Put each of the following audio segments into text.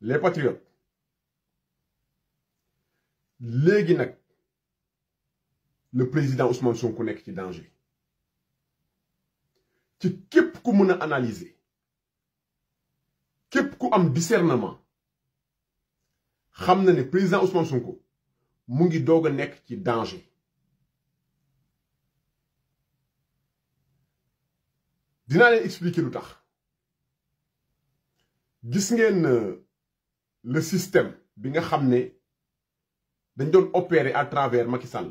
les patriotes léegi le président Ousmane Sonko est ci danger ci képp ku analysé, a analyser képp ku am discernement xam na président Ousmane Sonko est ngi danger. Je danger Dina leen expliquer lu gis euh, le système bi nga xamné dañ doon opérer à travers Macky Sall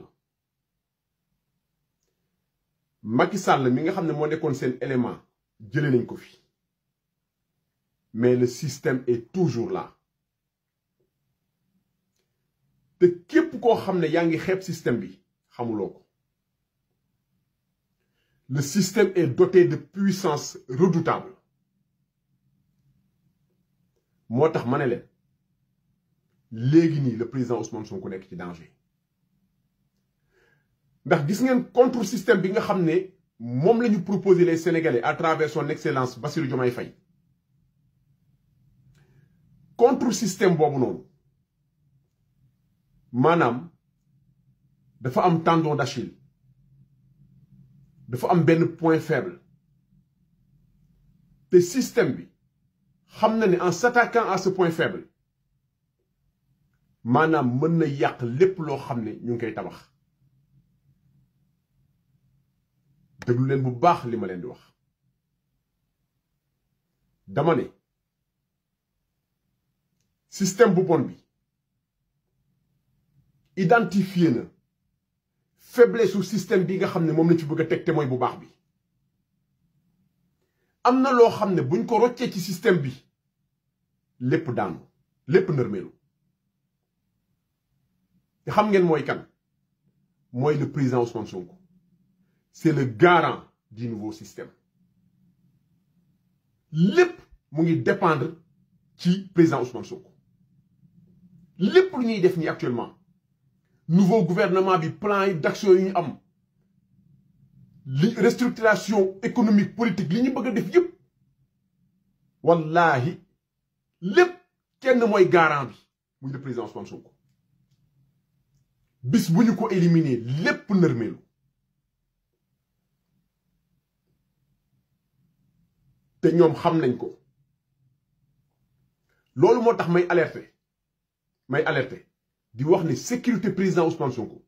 Macky Sall mi nga xamné ne moo sen élément jëlé nañ ko fi mais le système est toujours là te képp ko xamné ya nga xép système bi xamuloko le système est doté de puissance redoutable motax tax le président Ousmane Sonko nek ci danger ndax gis ngeen contre système bi nga xamné mom proposer les sénégalais à travers son excellence Bassirou Diomaye Faye contre système bobu non manam dafa am tendon d'Achille dafa am un point faible le système bi en s'attaquant à ce point faible maanaam mën na yàq lépp loo xam ne ñu ngi koy tabax déglu leen bu baax li ma leen di wax dama ne système bu bon bi identifié na faiblesse su système bi nga xam ne moom lañ fi bëgg a teg te mooy bu baax bi am na loo xam ne buñ ko roccee ci système bi lépp daanu lépp nërmeelu te xam ngeen kan moy le président Ousmane Sonko c'est le garant du nouveau système lepp mu ngi dépendre ci président Ousmane Sonko lepp lu ñuy def ni actuellement nouveau gouvernement bi plan d'action yi ñu am restructuration économique politique li ñu bëgg def yépp wallahi lepp kenn moy garant bi le président Ousmane Sonko bis vous ko éliminer nous avons té ñom xam nañ ko motax may may di wax sécurité président Ousmane Sonko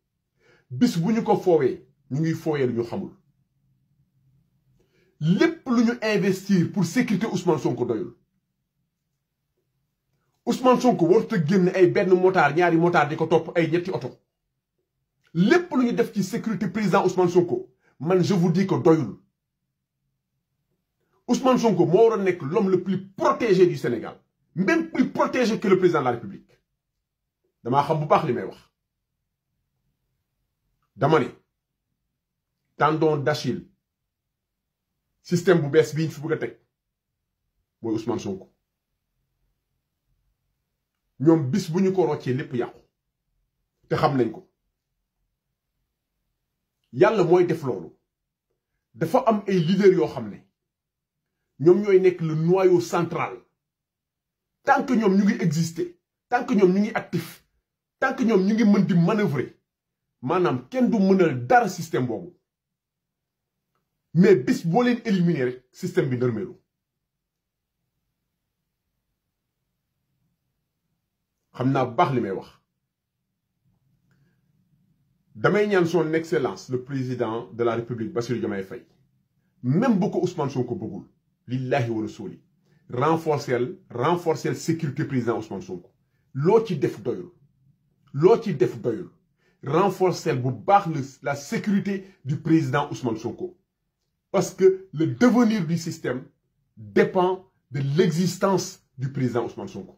bis buñu ko fowé ñu ngi ñu xamul investir pour sécurité Ousmane Sonko doyul Ousmane Sonko ay benn motard ñaari motard diko lépp lu de def ci sécurité président Ousmane Sonko man je vous dis que doyul Ousmane Sonko moi l'homme le plus protégé du Sénégal même plus protégé que le président de la République Je xam bu baax ce que wax dama ne tendon d'Achille système bu bees bii fi Ousmane Sonko ñoom bis bu ñu ko roccee lépp yàqu te xam nañ yalla moy def lolu dafa am ay leader yo xamné ñom ñoy nek le noyau central tant que ñom ñu ngi exister tant que ñom ñu ngi actif tant que ñom ñu ngi mën di manœuvrer manam kenn du mënal dar système bobu mais bis bo leen éliminer rek système bi ndërmeelu xamna naa baax li wax damay ñaan son excellence le président de la république Bassirou Diomaye Faye même beaucoup Ousmane Sonko l'Ilahi lillahi wa rasuli renforcer renforcer sécurité président Ousmane Sonko L'autre ci def doyul L'autre ci def doyul renforcer la sécurité du président Ousmane Sonko parce que le devenir du système dépend de l'existence du président Ousmane Sonko